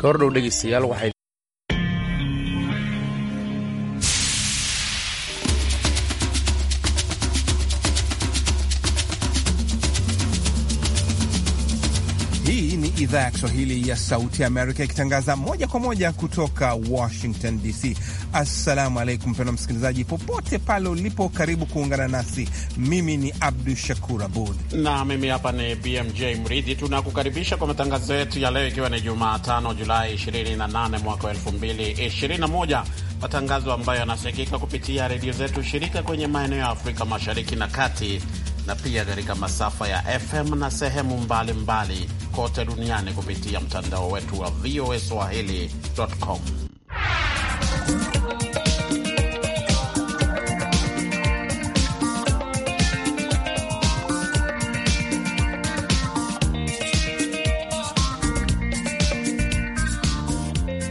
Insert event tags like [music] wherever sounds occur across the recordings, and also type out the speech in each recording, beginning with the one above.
ka hordhow dhegeystayaal waxay idhaa ya Kiswahili ya Sauti ya Amerika ikitangaza moja kwa moja kutoka Washington DC. Assalamu alaikum, pendo msikilizaji, popote pale ulipo, karibu kuungana nasi. Mimi ni Abdu Shakur Abud na mimi hapa ni BMJ Mridhi. Tunakukaribisha kwa matangazo yetu ya leo, ikiwa ni Jumatano Julai 28 mwaka 2021 matangazo ambayo yanasikika kupitia redio zetu shirika kwenye maeneo ya Afrika Mashariki na Kati na pia katika masafa ya FM na sehemu mbalimbali mbali kote duniani kupitia mtandao wetu wa VOA Swahili.com.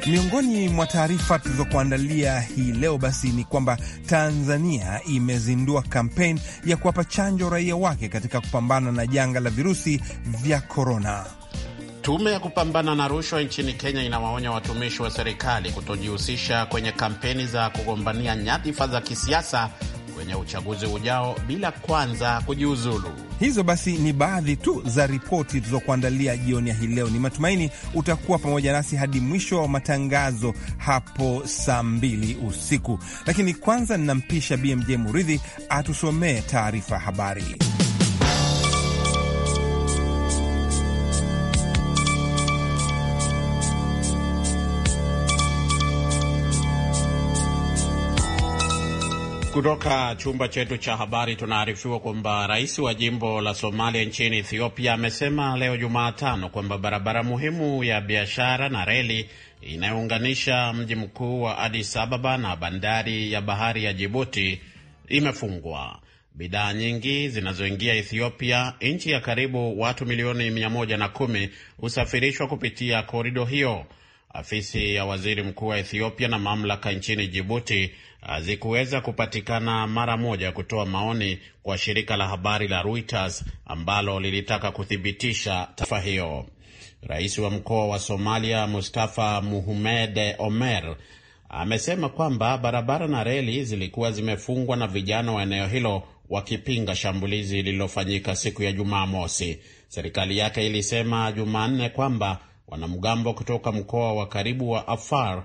Miongoni mwa taarifa tulizokuandalia hii leo basi ni kwamba Tanzania imezindua kampeni ya kuwapa chanjo raia wake katika kupambana na janga la virusi vya korona. Tume ya kupambana na rushwa nchini Kenya inawaonya watumishi wa serikali kutojihusisha kwenye kampeni za kugombania nyadhifa za kisiasa kwenye uchaguzi ujao bila kwanza kujiuzulu. Hizo basi ni baadhi tu za ripoti tulizokuandalia jioni ya hii leo. Ni matumaini utakuwa pamoja nasi hadi mwisho wa matangazo hapo saa mbili usiku, lakini kwanza ninampisha BMJ Muridhi atusomee taarifa habari. Kutoka chumba chetu cha habari tunaarifiwa kwamba rais wa jimbo la Somalia nchini Ethiopia amesema leo Jumatano kwamba barabara muhimu ya biashara na reli inayounganisha mji mkuu wa Addis Ababa na bandari ya bahari ya Jibuti imefungwa. Bidhaa nyingi zinazoingia Ethiopia, nchi ya karibu watu milioni 110, husafirishwa kupitia korido hiyo. Afisi ya waziri mkuu wa Ethiopia na mamlaka nchini Jibuti hazikuweza kupatikana mara moja kutoa maoni kwa shirika la habari la Reuters ambalo lilitaka kuthibitisha taarifa hiyo. Rais wa mkoa wa Somalia Mustafa muhumed Omer amesema kwamba barabara na reli zilikuwa zimefungwa na vijana wa eneo hilo wakipinga shambulizi lililofanyika siku ya Jumamosi. Serikali yake ilisema Jumanne kwamba wanamgambo kutoka mkoa wa karibu wa Afar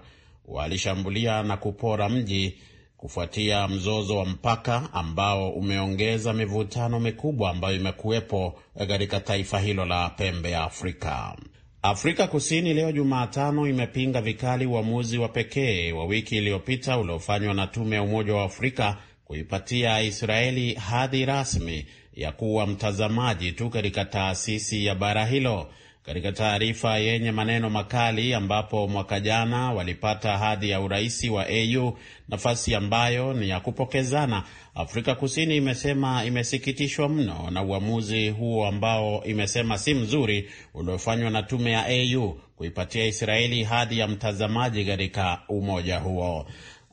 walishambulia na kupora mji kufuatia mzozo wa mpaka ambao umeongeza mivutano mikubwa ambayo imekuwepo katika taifa hilo la pembe ya Afrika. Afrika Kusini leo Jumatano imepinga vikali uamuzi wa pekee wa wiki iliyopita uliofanywa na tume ya Umoja wa Afrika kuipatia Israeli hadhi rasmi ya kuwa mtazamaji tu katika taasisi ya bara hilo katika taarifa yenye maneno makali, ambapo mwaka jana walipata hadhi ya uraisi wa AU, nafasi ambayo ni ya kupokezana. Afrika Kusini imesema imesikitishwa mno na uamuzi huo ambao imesema si mzuri uliofanywa na tume ya AU kuipatia Israeli hadhi ya mtazamaji katika umoja huo.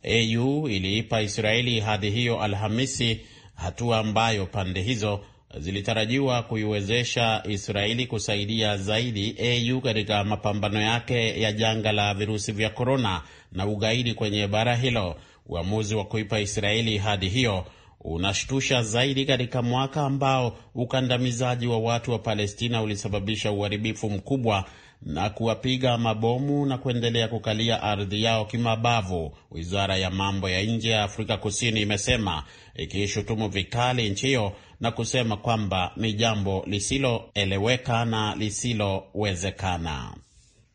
AU iliipa Israeli hadhi hiyo Alhamisi, hatua ambayo pande hizo zilitarajiwa kuiwezesha Israeli kusaidia zaidi AU katika mapambano yake ya janga la virusi vya korona na ugaidi kwenye bara hilo. Uamuzi wa kuipa Israeli hadi hiyo unashtusha zaidi katika mwaka ambao ukandamizaji wa watu wa Palestina ulisababisha uharibifu mkubwa na kuwapiga mabomu na kuendelea kukalia ardhi yao kimabavu. Wizara ya mambo ya nje ya Afrika Kusini imesema, ikishutumu vikali nchi hiyo na kusema kwamba ni jambo lisiloeleweka na lisilowezekana.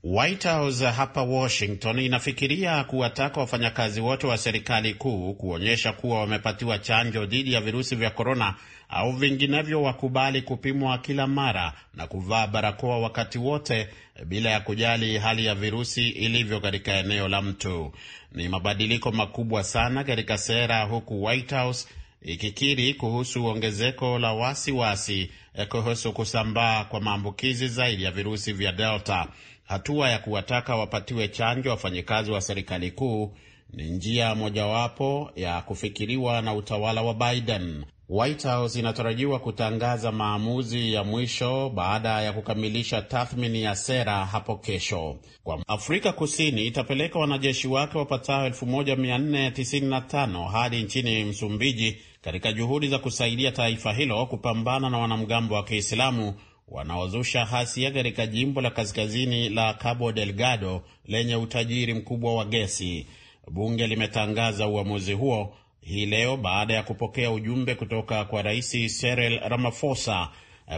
White House hapa Washington inafikiria kuwataka wafanyakazi wote wa serikali kuu kuonyesha kuwa wamepatiwa chanjo dhidi ya virusi vya korona au vinginevyo wakubali kupimwa kila mara na kuvaa barakoa wakati wote bila ya kujali hali ya virusi ilivyo katika eneo la mtu. Ni mabadiliko makubwa sana katika sera, huku White House ikikiri kuhusu ongezeko la wasiwasi wasi eh, kuhusu kusambaa kwa maambukizi zaidi ya virusi vya Delta. Hatua ya kuwataka wapatiwe chanjo wafanyikazi wa serikali kuu ni njia mojawapo ya kufikiriwa na utawala wa Biden. White House inatarajiwa kutangaza maamuzi ya mwisho baada ya kukamilisha tathmini ya sera hapo kesho. Kwa Afrika Kusini itapeleka wanajeshi wake wapatao 1495 hadi nchini Msumbiji katika juhudi za kusaidia taifa hilo kupambana na wanamgambo wa Kiislamu wanaozusha hasia katika jimbo la kaskazini la Cabo Delgado lenye utajiri mkubwa wa gesi. Bunge limetangaza uamuzi huo hii leo baada ya kupokea ujumbe kutoka kwa Rais Cyril Ramaphosa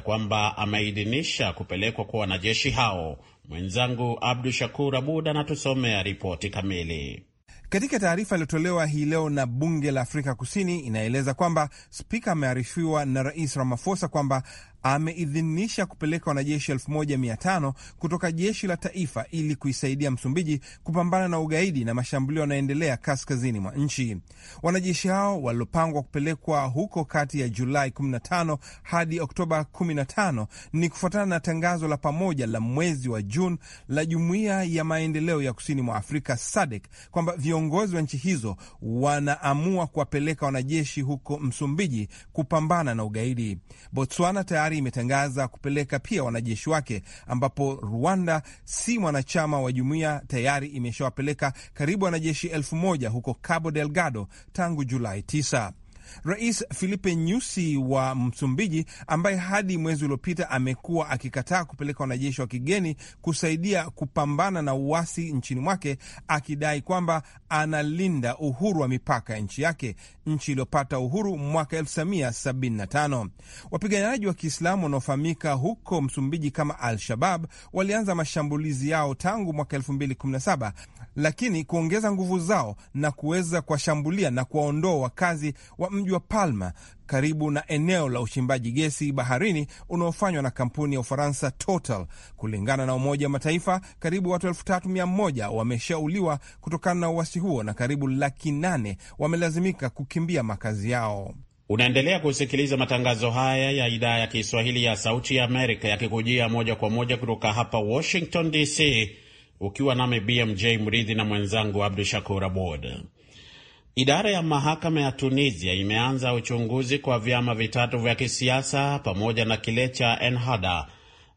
kwamba ameidhinisha kupelekwa kwa wanajeshi hao. Mwenzangu Abdu Shakur Abud anatusomea ripoti kamili. Katika taarifa iliyotolewa hii leo na bunge la Afrika Kusini inaeleza kwamba spika amearifiwa na Rais Ramaphosa kwamba ameidhinisha kupeleka wanajeshi 15 kutoka jeshi la taifa ili kuisaidia Msumbiji kupambana na ugaidi na mashambulio yanayoendelea kaskazini mwa nchi. Wanajeshi hao waliopangwa kupelekwa huko kati ya Julai 15 hadi Oktoba 15 ni kufuatana na tangazo la pamoja la mwezi wa Juni la Jumuiya ya Maendeleo ya Kusini mwa Afrika SADC kwamba viongozi wa nchi hizo wanaamua kuwapeleka wanajeshi huko Msumbiji kupambana na ugaidi. Botswana tayari tayari imetangaza kupeleka pia wanajeshi wake, ambapo Rwanda si mwanachama wa jumuiya, tayari imeshawapeleka karibu wanajeshi elfu moja huko Cabo Delgado tangu Julai 9. Rais Filipe Nyusi wa Msumbiji, ambaye hadi mwezi uliopita amekuwa akikataa kupeleka wanajeshi wa kigeni kusaidia kupambana na uasi nchini mwake, akidai kwamba analinda uhuru wa mipaka ya nchi yake, nchi iliyopata uhuru mwaka 1975. Wapiganaji wa Kiislamu wanaofahamika huko Msumbiji kama Al-Shabab walianza mashambulizi yao tangu mwaka 2017 lakini kuongeza nguvu zao na kuweza kuwashambulia na kuwaondoa wakazi wa mji wa Palma karibu na eneo la uchimbaji gesi baharini unaofanywa na kampuni ya Ufaransa Total. Kulingana na Umoja wa Mataifa, karibu watu elfu tatu mia moja wameshauliwa kutokana na uwasi huo na karibu laki nane wamelazimika kukimbia makazi yao. Unaendelea kusikiliza matangazo haya ya idhaa ya Kiswahili ya Sauti ya Amerika yakikujia moja kwa moja kutoka hapa Washington DC ukiwa nami BMJ Mridhi na mwenzangu Abdu Shakur Abod. Idara ya mahakama ya Tunisia imeanza uchunguzi kwa vyama vitatu vya kisiasa pamoja na kile cha Ennahda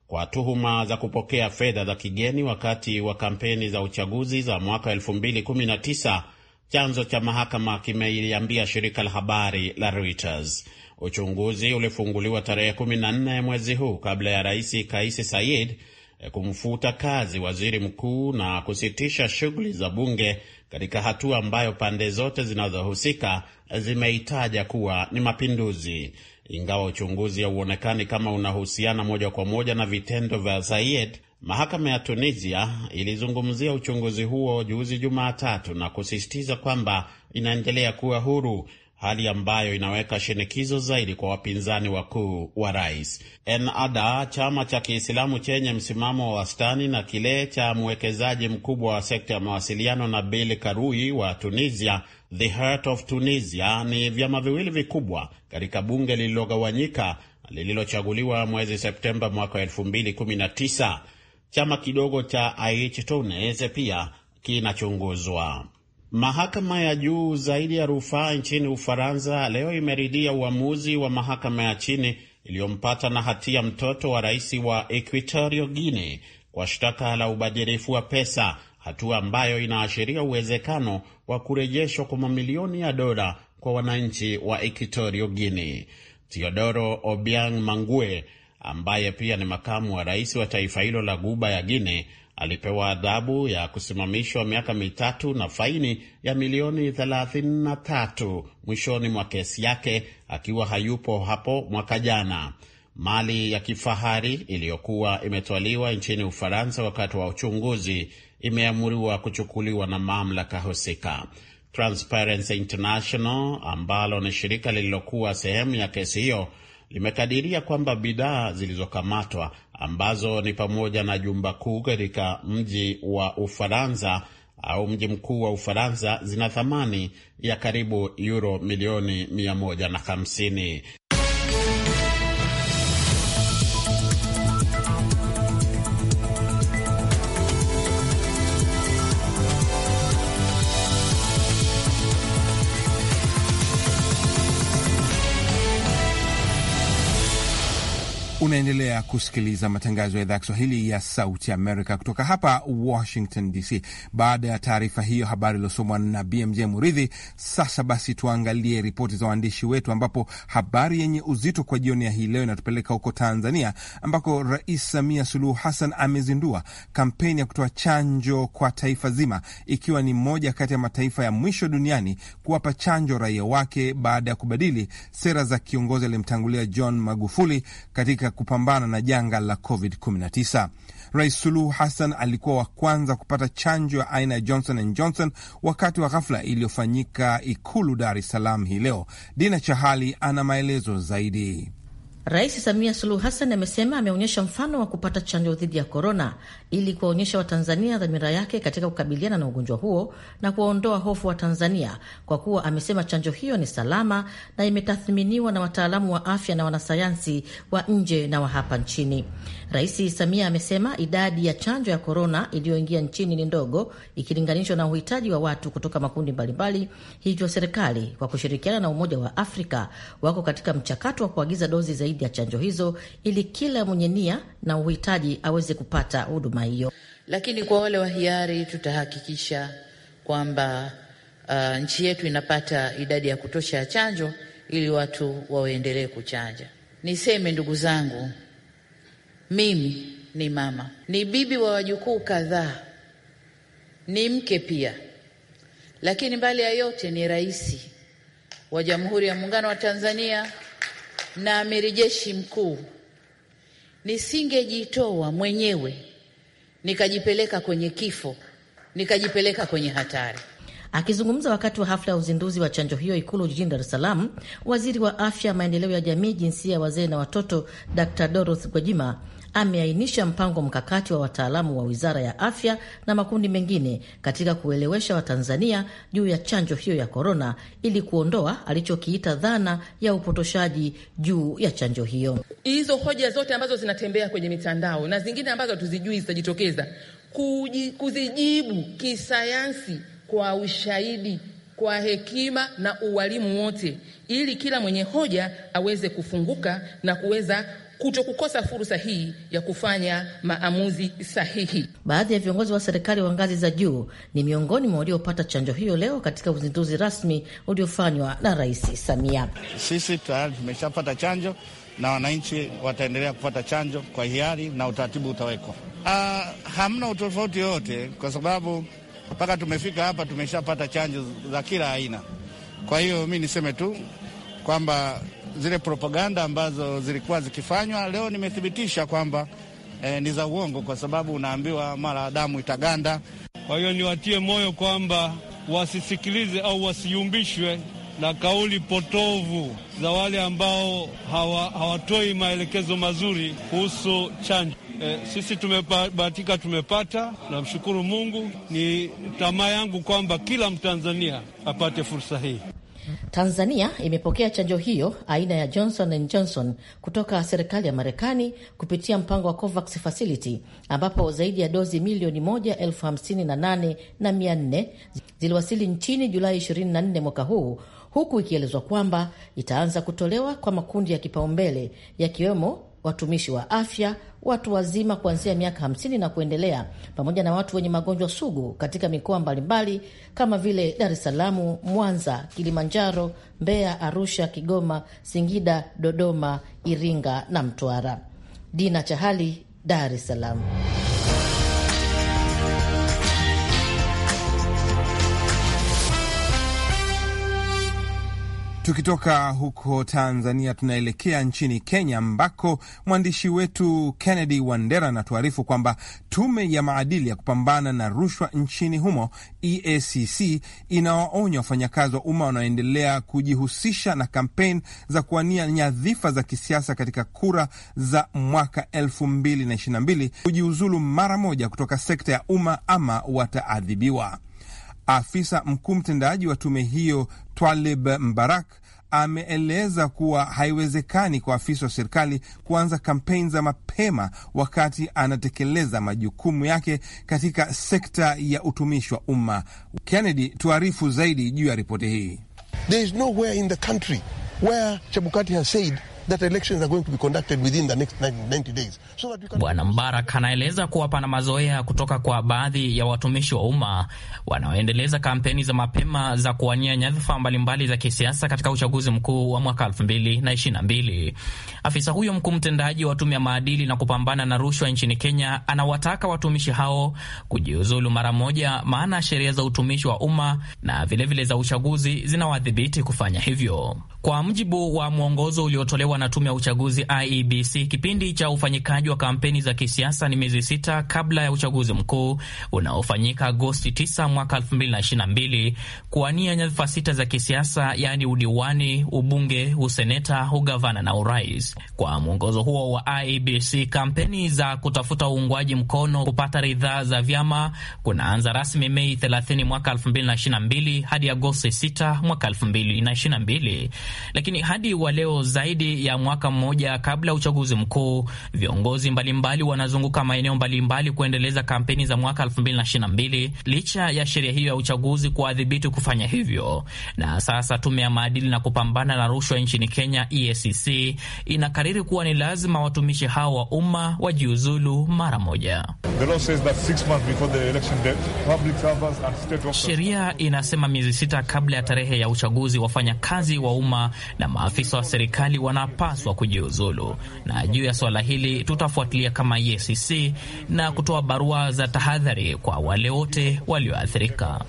kwa tuhuma za kupokea fedha za kigeni wakati wa kampeni za uchaguzi za mwaka 2019. Chanzo cha mahakama kimeiambia shirika la habari la Reuters. Uchunguzi ulifunguliwa tarehe 14 mwezi huu kabla ya rais Kaisi Said Eh, kumfuta kazi waziri mkuu na kusitisha shughuli za bunge katika hatua ambayo pande zote zinazohusika eh, zimeitaja kuwa ni mapinduzi. Ingawa uchunguzi hauonekani kama unahusiana moja kwa moja na vitendo vya Zayed, mahakama ya Tunisia ilizungumzia uchunguzi huo juzi Jumatatu na kusisitiza kwamba inaendelea kuwa huru hali ambayo inaweka shinikizo zaidi kwa wapinzani wakuu wa rais. Ennahda, chama cha Kiislamu chenye msimamo wa wastani na kile cha mwekezaji mkubwa wa sekta ya mawasiliano Nabil Karoui wa Tunisia, The Heart of Tunisia, ni vyama viwili vikubwa katika bunge lililogawanyika lililochaguliwa mwezi Septemba mwaka 2019. Chama kidogo cha Aichi Tunis pia kinachunguzwa. Mahakama ya juu zaidi ya rufaa nchini Ufaransa leo imeridhia uamuzi wa mahakama ya chini iliyompata na hatia mtoto wa rais wa Equatorio Guinea kwa shtaka la ubadhirifu wa pesa, hatua ambayo inaashiria uwezekano wa kurejeshwa kwa mamilioni ya dola kwa wananchi wa Equatorio Guinea. Teodoro Obiang Mangue ambaye pia ni makamu wa rais wa taifa hilo la Guba ya Guinea alipewa adhabu ya kusimamishwa miaka mitatu na faini ya milioni 33 mwishoni mwa kesi yake akiwa hayupo hapo mwaka jana. Mali ya kifahari iliyokuwa imetwaliwa nchini Ufaransa wakati wa uchunguzi imeamuriwa kuchukuliwa na mamlaka husika. Transparency International ambalo ni shirika lililokuwa sehemu ya kesi hiyo limekadiria kwamba bidhaa zilizokamatwa ambazo ni pamoja na jumba kuu katika mji wa Ufaransa au mji mkuu wa Ufaransa zina thamani ya karibu euro milioni 150. Unaendelea kusikiliza matangazo ya idhaa ya Kiswahili ya Sauti Amerika kutoka hapa Washington DC. Baada ya taarifa hiyo habari iliyosomwa na BMJ Muridhi. Sasa basi, tuangalie ripoti za waandishi wetu, ambapo habari yenye uzito kwa jioni ya hii leo inatupeleka huko Tanzania, ambako Rais Samia Suluhu Hassan amezindua kampeni ya kutoa chanjo kwa taifa zima, ikiwa ni moja kati ya mataifa ya mwisho duniani kuwapa chanjo raia wake baada ya kubadili sera za kiongozi aliyemtangulia John Magufuli katika kupambana na janga la COVID-19. Rais Suluhu Hassan alikuwa wa kwanza kupata chanjo ya aina ya Johnson and Johnson wakati wa ghafla iliyofanyika Ikulu Dar es Salaam hii leo. Dina Chahali ana maelezo zaidi. Rais Samia Suluhu Hassan amesema ameonyesha mfano wa kupata chanjo dhidi ya korona ili kuwaonyesha Watanzania dhamira yake katika kukabiliana na ugonjwa huo na kuwaondoa hofu wa Tanzania, kwa kuwa amesema chanjo hiyo ni salama na imetathminiwa na wataalamu wa afya na wanasayansi wa nje na wa hapa nchini. Rais Samia amesema idadi ya chanjo ya korona iliyoingia nchini ni ndogo ikilinganishwa na uhitaji wa watu kutoka makundi mbalimbali, hivyo serikali kwa kushirikiana na Umoja wa Afrika wako katika mchakato wa kuagiza dozi zaidi dhidi ya chanjo hizo ili kila mwenye nia na uhitaji aweze kupata huduma hiyo. Lakini kwa wale wa hiari tutahakikisha kwamba uh, nchi yetu inapata idadi ya kutosha ya chanjo ili watu waendelee kuchanja. Niseme ndugu zangu, mimi ni mama, ni bibi wa wajukuu kadhaa, ni mke pia, lakini mbali ya yote ni rais wa Jamhuri ya Muungano wa Tanzania na amiri jeshi mkuu, nisingejitoa mwenyewe nikajipeleka kwenye kifo, nikajipeleka kwenye hatari. Akizungumza wakati wa hafla ya uzinduzi wa chanjo hiyo Ikulu jijini Dar es Salaam, waziri wa afya, maendeleo ya jamii, jinsia ya wazee na watoto, dr Dorothy Gwajima ameainisha mpango mkakati wa wataalamu wa Wizara ya Afya na makundi mengine katika kuelewesha Watanzania juu ya chanjo hiyo ya korona ili kuondoa alichokiita dhana ya upotoshaji juu ya chanjo hiyo. Hizo hoja zote ambazo zinatembea kwenye mitandao na zingine ambazo hatuzijui zitajitokeza, kuzijibu kisayansi kwa ushahidi kwa hekima na uwalimu wote, ili kila mwenye hoja aweze kufunguka na kuweza kuto kukosa fursa hii ya kufanya maamuzi sahihi. Baadhi ya viongozi wa serikali wa ngazi za juu ni miongoni mwa waliopata chanjo hiyo leo katika uzinduzi rasmi uliofanywa na Rais Samia. Sisi tayari tumeshapata chanjo na wananchi wataendelea kupata chanjo kwa hiari na utaratibu utawekwa. Uh, hamna utofauti yoyote kwa sababu mpaka tumefika hapa tumeshapata chanjo za kila aina. Kwa hiyo mi niseme tu kwamba zile propaganda ambazo zilikuwa zikifanywa leo nimethibitisha kwamba eh, ni za uongo, kwa sababu unaambiwa mara damu itaganda. Kwa hiyo niwatie moyo kwamba wasisikilize au wasiyumbishwe na kauli potovu za wale ambao hawatoi hawa maelekezo mazuri kuhusu chanjo. E, sisi tumebahatika, tumepata. Namshukuru Mungu. Ni tamaa yangu kwamba kila Mtanzania apate fursa hii. Tanzania imepokea chanjo hiyo aina ya Johnson and Johnson kutoka serikali ya Marekani kupitia mpango wa COVAX Facility, ambapo zaidi ya dozi milioni moja elfu hamsini na nane na mia nne ziliwasili nchini Julai 24 mwaka huu, huku ikielezwa kwamba itaanza kutolewa kwa makundi ya kipaumbele yakiwemo watumishi wa afya, watu wazima kuanzia miaka hamsini na kuendelea, pamoja na watu wenye magonjwa sugu katika mikoa mbalimbali kama vile Dar es Salaam, Mwanza, Kilimanjaro, Mbeya, Arusha, Kigoma, Singida, Dodoma, Iringa na Mtwara. Dina Chahali, Dar es Salaam. Tukitoka huko Tanzania tunaelekea nchini Kenya, ambako mwandishi wetu Kennedy Wandera anatuarifu kwamba tume ya maadili ya kupambana na rushwa nchini humo EACC inawaonya wafanyakazi wa umma wanaoendelea kujihusisha na kampeni za kuwania nyadhifa za kisiasa katika kura za mwaka 2022 kujiuzulu mara moja kutoka sekta ya umma ama wataadhibiwa. Afisa mkuu mtendaji wa tume hiyo Twalib Mbarak ameeleza kuwa haiwezekani kwa afisa wa serikali kuanza kampeni za mapema wakati anatekeleza majukumu yake katika sekta ya utumishi wa umma. Kennedy, tuarifu zaidi juu ya ripoti hii. There is nowhere in the country where Chebukati has said Bwana Mbarak anaeleza kuwa pana mazoea kutoka kwa baadhi ya watumishi wa umma wanaoendeleza kampeni za mapema za kuwania nyadhifa mbalimbali za kisiasa katika uchaguzi mkuu wa mwaka 2022. Afisa huyo mkuu mtendaji wa tume ya maadili na kupambana na rushwa nchini Kenya anawataka watumishi hao kujiuzulu mara moja, maana sheria za utumishi wa umma na vilevile vile za uchaguzi zinawadhibiti kufanya hivyo. Kwa mjibu wa mwongozo uliotolewa yaliyotangazwa na tume ya uchaguzi IEBC. Kipindi cha ufanyikaji wa kampeni za kisiasa ni miezi sita kabla ya uchaguzi mkuu unaofanyika Agosti 9 mwaka 2022 kuwania nyadhifa sita za kisiasa, yaani udiwani, ubunge, useneta, ugavana na urais. Kwa mwongozo huo wa IEBC, kampeni za kutafuta uungwaji mkono kupata ridhaa za vyama kunaanza rasmi Mei 30 mwaka 2022 hadi Agosti 6 mwaka 2022, lakini hadi wa leo zaidi ya mwaka mmoja kabla ya uchaguzi mkuu, viongozi mbalimbali wanazunguka maeneo mbalimbali kuendeleza kampeni za mwaka 2022 licha ya sheria hiyo ya uchaguzi kuwadhibiti kufanya hivyo. Na sasa tume ya maadili na kupambana na rushwa nchini Kenya, EACC, inakariri kuwa ni lazima watumishi hao wa umma wajiuzulu mara moja. Sheria inasema miezi sita kabla ya tarehe ya uchaguzi, wafanyakazi wa umma na maafisa wa serikali wana wanapaswa kujiuzulu. Na juu ya suala hili tutafuatilia kama EACC na kutoa barua za tahadhari kwa wale wote walioathirika.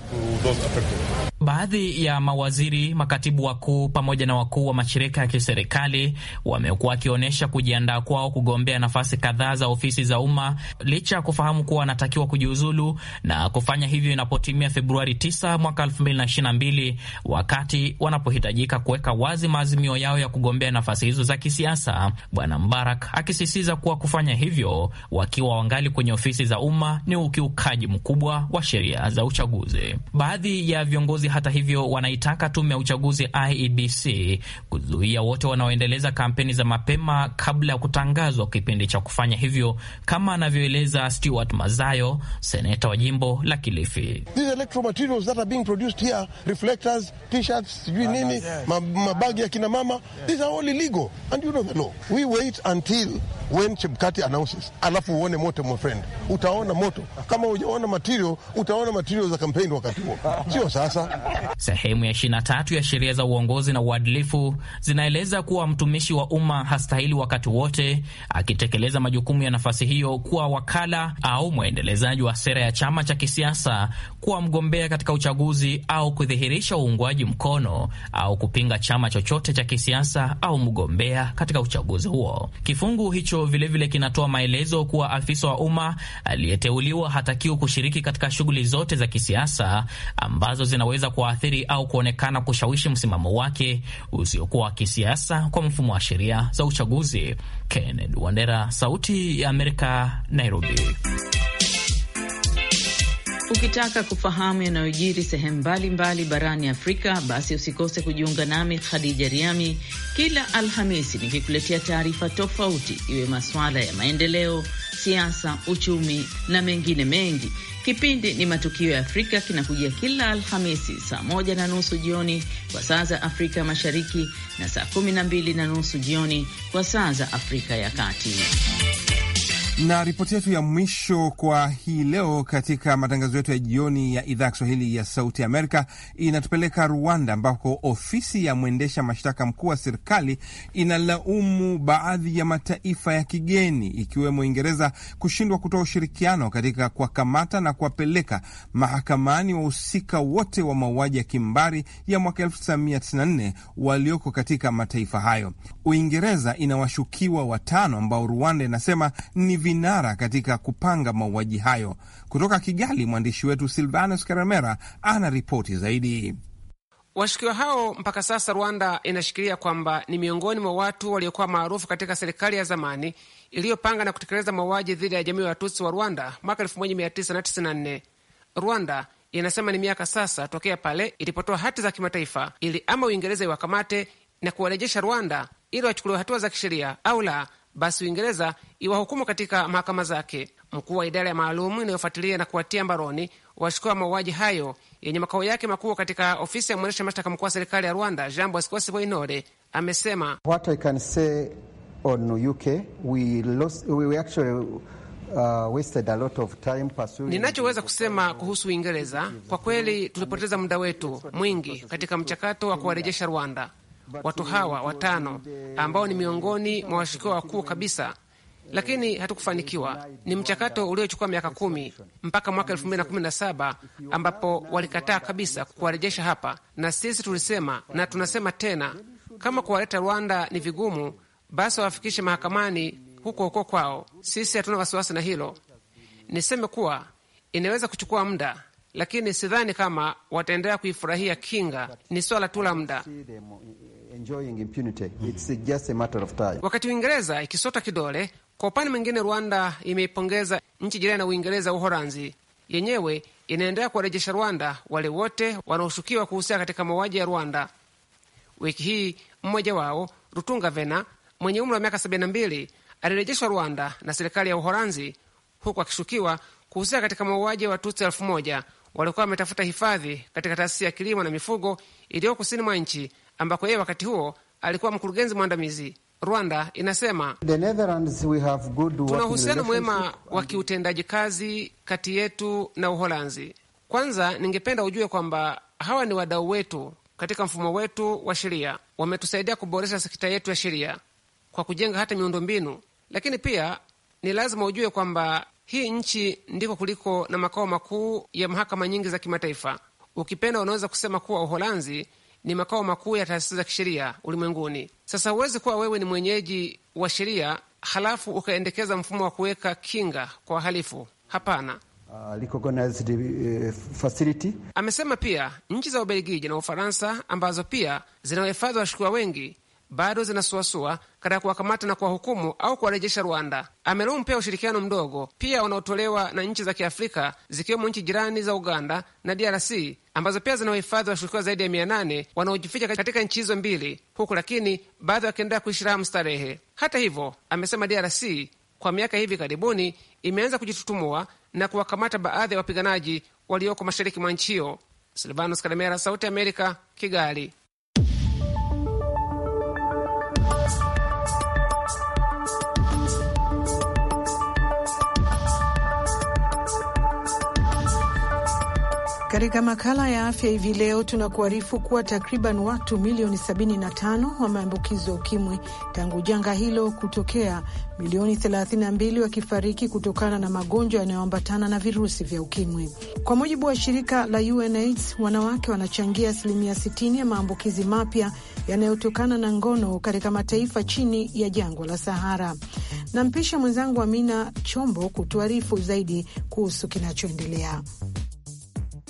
Baadhi ya mawaziri, makatibu wakuu pamoja na wakuu wa mashirika ya kiserikali wamekuwa wakionyesha kujiandaa kwao kugombea nafasi kadhaa za ofisi za umma licha ya kufahamu kuwa wanatakiwa kujiuzulu na kufanya hivyo inapotimia Februari 9 mwaka 2022 wakati wanapohitajika kuweka wazi maazimio yao ya kugombea nafasi hizo za kisiasa, Bwana Mbarak akisisitiza kuwa kufanya hivyo wakiwa wangali kwenye ofisi za umma ni ukiukaji mkubwa wa sheria za uchaguzi. Baadhi ya viongozi hata hivyo, wanaitaka tume ya uchaguzi IEBC kuzuia wote wanaoendeleza kampeni za mapema kabla ya kutangazwa kipindi cha kufanya hivyo, kama anavyoeleza Stuart Mazayo, seneta wa jimbo la Kilifi. Sijui ah, nini mabagi ya kina mama when Chebukati announces, alafu uone moto my friend, utaona moto. Kama hujaona material, utaona material za wakati huo, sio sasa. [laughs] Sehemu ya tatu ya sheria za uongozi na uadilifu zinaeleza kuwa mtumishi wa umma hastahili wakati wote akitekeleza majukumu ya nafasi hiyo kuwa wakala au mwendelezaji wa sera ya chama cha kisiasa, kuwa mgombea katika uchaguzi, au kudhihirisha uungwaji mkono au kupinga chama chochote cha kisiasa au mgombea katika uchaguzi huo. Kifungu hicho vilevile vile kinatoa maelezo kuwa afisa wa umma aliyeteuliwa hatakiwi kushiriki katika shughuli zote za kisiasa ambazo zinaweza kuweza kuathiri au kuonekana kushawishi msimamo wake usiokuwa wa kisiasa kwa mfumo wa sheria za uchaguzi. Kenneth Wandera, Sauti ya Amerika, Nairobi. Ukitaka kufahamu yanayojiri sehemu mbalimbali barani Afrika, basi usikose kujiunga nami Khadija Riami kila Alhamisi nikikuletea taarifa tofauti, iwe masuala ya maendeleo, siasa, uchumi na mengine mengi. Kipindi ni Matukio ya Afrika kinakujia kila Alhamisi saa moja na nusu jioni kwa saa za Afrika Mashariki na saa kumi na mbili na nusu jioni kwa saa za Afrika ya Kati na ripoti yetu ya mwisho kwa hii leo katika matangazo yetu ya jioni ya idhaa ya Kiswahili ya Sauti Amerika inatupeleka Rwanda, ambako ofisi ya mwendesha mashtaka mkuu wa serikali inalaumu baadhi ya mataifa ya kigeni ikiwemo Uingereza kushindwa kutoa ushirikiano katika kuwakamata na kuwapeleka mahakamani wahusika wote wa mauaji ya kimbari ya mwaka 1994 walioko katika mataifa hayo. Uingereza ina washukiwa watano ambao Rwanda inasema ni vinara katika kupanga mauaji hayo. Kutoka Kigali, mwandishi wetu Silvanus Karamera ana ripoti zaidi. Washukiwa hao mpaka sasa Rwanda inashikilia kwamba ni miongoni mwa watu waliokuwa maarufu katika serikali ya zamani iliyopanga na kutekeleza mauaji dhidi ya jamii ya watusi wa Rwanda mwaka 1994. Rwanda inasema ni miaka sasa tokea pale ilipotoa hati za kimataifa ili ama Uingereza iwakamate na kuwarejesha Rwanda ili wachukuliwe hatua za kisheria au la basi Uingereza iwahukumu katika mahakama zake. Mkuu wa idara ya maalumu inayofuatilia na kuwatia mbaroni washukiwa mauaji hayo yenye makao yake makuu katika ofisi ya mwendesha mashtaka mkuu wa serikali ya Rwanda, Jean Bosco Siboyintore amesema What I can say on UK, we lost, we actually, uh, wasted a lot of time pursuing... ninachoweza kusema kuhusu Uingereza, kwa kweli tulipoteza muda wetu mwingi katika mchakato wa kuwarejesha Rwanda watu hawa watano ambao ni miongoni mwa washukiwa wakuu kabisa, lakini hatukufanikiwa. Ni mchakato uliochukua miaka kumi mpaka mwaka elfu mbili na kumi na saba ambapo walikataa kabisa kuwarejesha hapa, na sisi tulisema na tunasema tena, kama kuwaleta Rwanda ni vigumu, basi wawafikishe mahakamani huko huko kwao. Sisi hatuna wasiwasi na hilo. Niseme kuwa inaweza kuchukua muda lakini sidhani kama wataendelea kuifurahia kinga. Ni swala tu la muda. Wakati Uingereza ikisota kidole kwa upande mwingine, Rwanda imeipongeza nchi jirani na Uingereza, Uholanzi yenyewe inaendelea kuwarejesha Rwanda wale wote wanaoshukiwa kuhusika katika mauaji ya Rwanda. Wiki hii mmoja wao Rutunga Vena mwenye umri wa miaka 72 alirejeshwa Rwanda na serikali ya Uholanzi, huku akishukiwa kuhusika katika mauaji ya Watutsi elfu moja walikuwa wametafuta hifadhi katika taasisi ya kilimo na mifugo iliyo kusini mwa nchi ambako yeye wakati huo alikuwa mkurugenzi mwandamizi. Rwanda inasema tuna uhusiano mwema wa kiutendaji kazi kati yetu na Uholanzi. Kwanza ningependa ujue kwamba hawa ni wadau wetu katika mfumo wetu wa sheria, wametusaidia kuboresha sekta yetu ya sheria kwa kujenga hata miundombinu, lakini pia ni lazima ujue kwamba hii nchi ndiko kuliko na makao makuu ya mahakama nyingi za kimataifa. Ukipenda unaweza kusema kuwa Uholanzi ni makao makuu ya taasisi za kisheria ulimwenguni. Sasa huwezi kuwa wewe ni mwenyeji wa sheria halafu ukaendekeza mfumo wa kuweka kinga kwa wahalifu. Hapana. Uh, uh amesema pia nchi za Ubelgiji na Ufaransa ambazo pia zinawahifadhi washukiwa wengi bado zinasuasua katika kuwakamata na kuwahukumu au kuwarejesha Rwanda. Amelaumu pia ushirikiano mdogo pia unaotolewa na nchi za Kiafrika zikiwemo nchi jirani za Uganda na DRC ambazo pia zina wahifadhi washukiwa zaidi ya mia nane wanaojificha katika nchi hizo mbili, huku lakini baadhi wakiendelea kuishi raha mstarehe. Hata hivyo, amesema DRC kwa miaka hivi karibuni imeanza kujitutumua na kuwakamata baadhi ya wapiganaji walioko mashariki mwa nchi hiyo. Silvanos Sauti Amerika, Kigali. Katika makala ya afya hivi leo tunakuarifu kuwa takriban watu milioni 75 wameambukizwa ukimwi tangu janga hilo kutokea, milioni 32 wakifariki kutokana na magonjwa yanayoambatana na virusi vya ukimwi. Kwa mujibu wa shirika la UNAIDS, wanawake wanachangia asilimia 60 ya maambukizi mapya yanayotokana na ngono katika mataifa chini ya jangwa la Sahara. Nampisha mwenzangu Amina Chombo kutuarifu zaidi kuhusu kinachoendelea.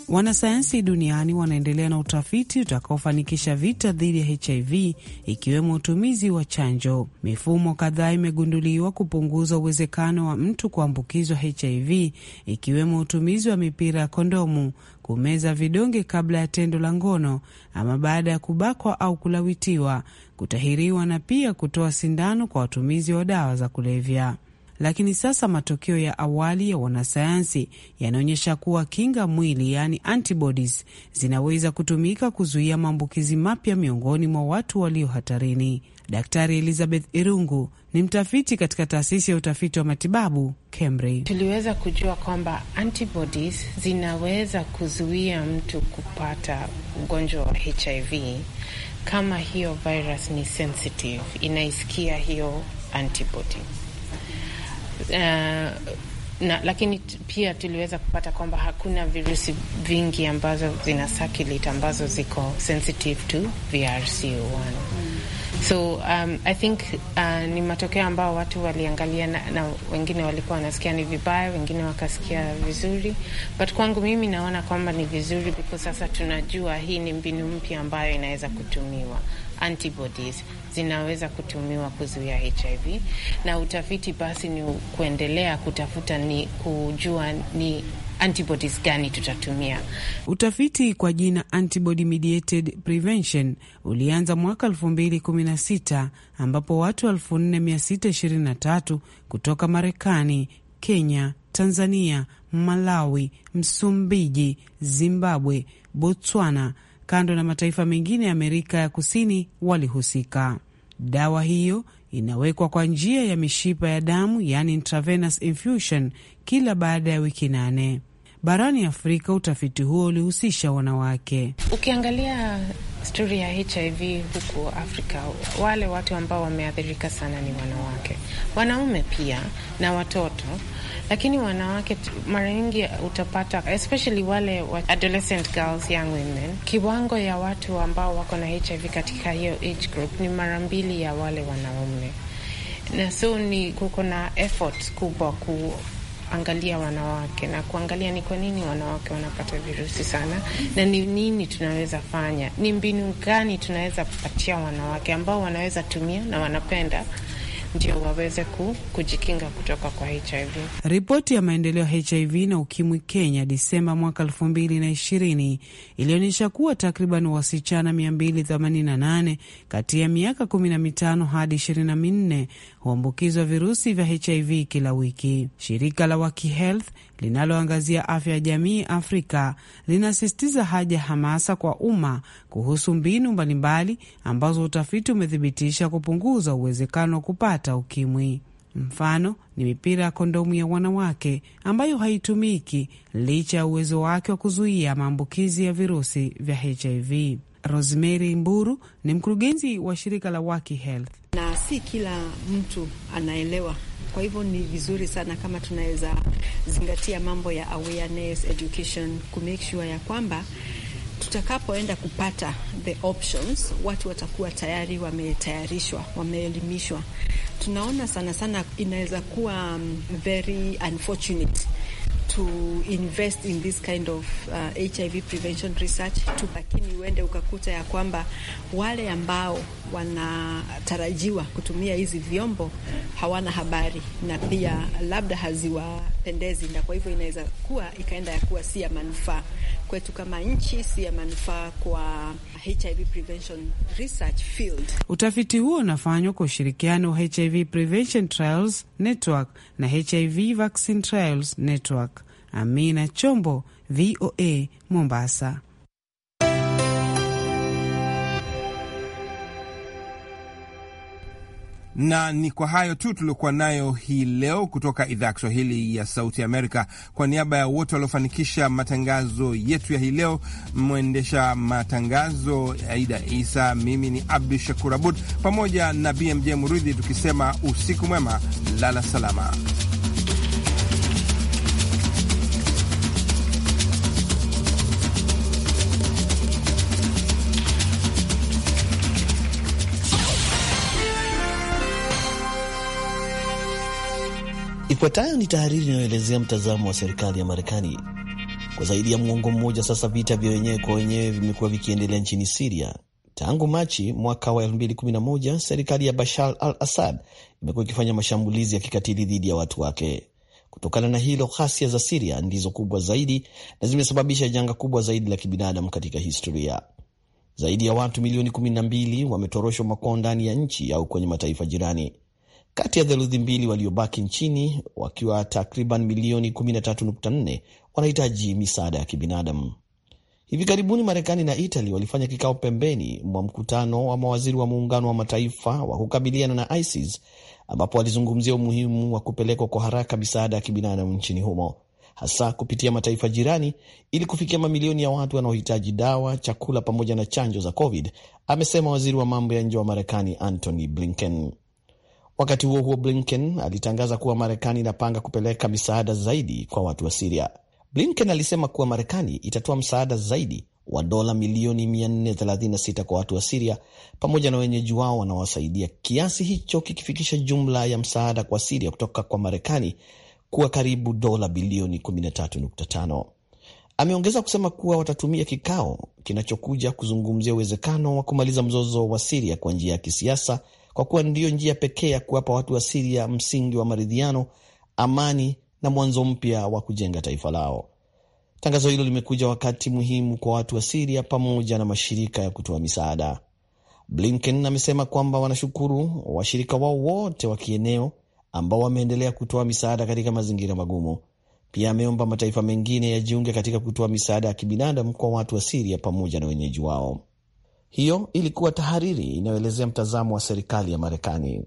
Wanasayansi duniani wanaendelea na utafiti utakaofanikisha vita dhidi ya HIV ikiwemo utumizi wa chanjo. Mifumo kadhaa imegunduliwa kupunguza uwezekano wa mtu kuambukizwa HIV ikiwemo utumizi wa mipira ya kondomu, kumeza vidonge kabla ya tendo la ngono ama baada ya kubakwa au kulawitiwa, kutahiriwa na pia kutoa sindano kwa watumizi wa dawa za kulevya lakini sasa matokeo ya awali ya wanasayansi yanaonyesha kuwa kinga mwili, yani antibodies, zinaweza kutumika kuzuia maambukizi mapya miongoni mwa watu walio hatarini. Daktari Elizabeth Irungu ni mtafiti katika taasisi ya utafiti wa matibabu KEMRI. Tuliweza kujua kwamba antibodies zinaweza kuzuia mtu kupata ugonjwa wa HIV kama hiyo virus ni sensitive, inaisikia hiyo antibodies Eh, na lakini pia tuliweza kupata kwamba hakuna virusi vingi ambazo zina circulate ambazo ziko sensitive to VRCO1. Mm. So um, I think uh, ni matokeo ambao watu waliangalia na, na wengine walikuwa wanasikia ni vibaya, wengine wakasikia vizuri, but kwangu mimi naona kwamba ni vizuri because sasa tunajua hii ni mbinu mpya ambayo inaweza kutumiwa antibodies zinaweza kutumiwa kuzuia HIV, na utafiti basi ni kuendelea kutafuta ni kujua ni antibodies gani tutatumia. Utafiti kwa jina antibody mediated prevention ulianza mwaka 2016 ambapo watu 4623 kutoka Marekani, Kenya, Tanzania, Malawi, Msumbiji, Zimbabwe, Botswana kando na mataifa mengine ya Amerika ya Kusini walihusika. Dawa hiyo inawekwa kwa njia ya mishipa ya damu, yani intravenous infusion, kila baada ya wiki nane. Barani Afrika, utafiti huo ulihusisha wanawake. Ukiangalia stori ya HIV huku Afrika, wale watu ambao wameathirika sana ni wanawake, wanaume pia na watoto lakini wanawake mara nyingi utapata especially wale wa adolescent girls, young women, kiwango ya watu ambao wako na HIV katika hiyo age group ni mara mbili ya wale wanaume, na so ni kuko na effort kubwa ku angalia wanawake na kuangalia ni kwa nini wanawake wanapata virusi sana, na ni nini tunaweza fanya, ni mbinu gani tunaweza kupatia wanawake ambao wanaweza tumia na wanapenda ndio waweze ku, kujikinga kutoka kwa HIV. Ripoti ya maendeleo ya HIV na ukimwi Kenya Disemba mwaka elfu mbili na ishirini ilionyesha kuwa takriban wasichana mia mbili nane kati ya miaka kumi na mitano hadi ishirini na minne huambukizwa virusi vya HIV kila wiki. Shirika la Waki Health linaloangazia afya ya jamii Afrika linasisitiza haja ya hamasa kwa umma kuhusu mbinu mbalimbali ambazo utafiti umethibitisha kupunguza uwezekano wa kupata ukimwi. Mfano ni mipira ya kondomu ya wanawake ambayo haitumiki licha ya uwezo wake wa kuzuia maambukizi ya virusi vya HIV. Rosemary Mburu ni mkurugenzi wa shirika la Waki Health si kila mtu anaelewa. Kwa hivyo ni vizuri sana kama tunaweza zingatia mambo ya awareness education, ku make sure ya kwamba tutakapoenda kupata the options, watu watakuwa tayari wametayarishwa, wameelimishwa. Tunaona sana sana inaweza kuwa um, very unfortunate to invest in this kind of uh, HIV prevention research tu, lakini uende ukakuta ya kwamba wale ambao wanatarajiwa kutumia hizi vyombo hawana habari na pia labda haziwapendezi, na kwa hivyo inaweza kuwa ikaenda ya kuwa si ya manufaa kwetu kama nchi, si ya manufaa kwa HIV prevention research field. Utafiti huo unafanywa kwa ushirikiano wa HIV Prevention Trials Network na HIV Vaccine Trials Network. Amina Chombo, VOA, Mombasa. na ni kwa hayo tu tuliokuwa nayo hii leo kutoka idhaa ya Kiswahili ya Sauti Amerika. Kwa niaba ya wote waliofanikisha matangazo yetu ya hii leo, mwendesha matangazo Aida Isa, mimi ni Abdu Shakur Abud pamoja na BMJ Muridhi, tukisema usiku mwema, lala salama. Ifuatayo ni tahariri inayoelezea mtazamo wa serikali ya Marekani. Kwa zaidi ya mwongo mmoja sasa, vita vya wenyewe kwa wenyewe vimekuwa vikiendelea nchini Siria. Tangu Machi mwaka wa 2011 serikali ya Bashar al Assad imekuwa ikifanya mashambulizi ya kikatili dhidi ya watu wake. Kutokana na hilo, ghasia za Siria ndizo kubwa zaidi na zimesababisha janga kubwa zaidi la kibinadamu katika historia. Zaidi ya watu milioni 12 wametoroshwa makwao ndani ya nchi au kwenye mataifa jirani kati ya theluthi mbili waliobaki nchini wakiwa takriban milioni 13.4 wanahitaji misaada ya kibinadamu. Hivi karibuni Marekani na Itali walifanya kikao pembeni mwa mkutano wa mawaziri wa Muungano wa Mataifa wa kukabiliana na ISIS ambapo walizungumzia umuhimu wa kupelekwa kwa haraka misaada ya kibinadamu nchini humo hasa kupitia mataifa jirani ili kufikia mamilioni ya watu wanaohitaji dawa, chakula pamoja na chanjo za COVID, amesema waziri wa mambo ya nje wa Marekani Antony Blinken. Wakati huo huo, Blinken alitangaza kuwa Marekani inapanga kupeleka misaada zaidi kwa watu wa Siria. Blinken alisema kuwa Marekani itatoa msaada zaidi wa dola milioni 436 kwa watu wa Siria pamoja na wenyeji wao wanaowasaidia, kiasi hicho kikifikisha jumla ya msaada kwa Siria kutoka kwa Marekani kuwa karibu dola bilioni 13.5. Ameongeza kusema kuwa watatumia kikao kinachokuja kuzungumzia uwezekano wa kumaliza mzozo wa Siria kwa njia ya kisiasa kwa kuwa ndiyo njia pekee ya kuwapa watu wa Siria msingi wa maridhiano, amani na mwanzo mpya wa kujenga taifa lao. Tangazo hilo limekuja wakati muhimu kwa watu wa Siria pamoja na mashirika ya kutoa misaada. Blinken amesema kwamba wanashukuru washirika wao wote wa kieneo ambao wameendelea kutoa misaada katika mazingira magumu. Pia ameomba mataifa mengine yajiunge katika kutoa misaada ya kibinadamu kwa watu wa Siria pamoja na wenyeji wao. Hiyo ilikuwa tahariri inayoelezea mtazamo wa serikali ya Marekani.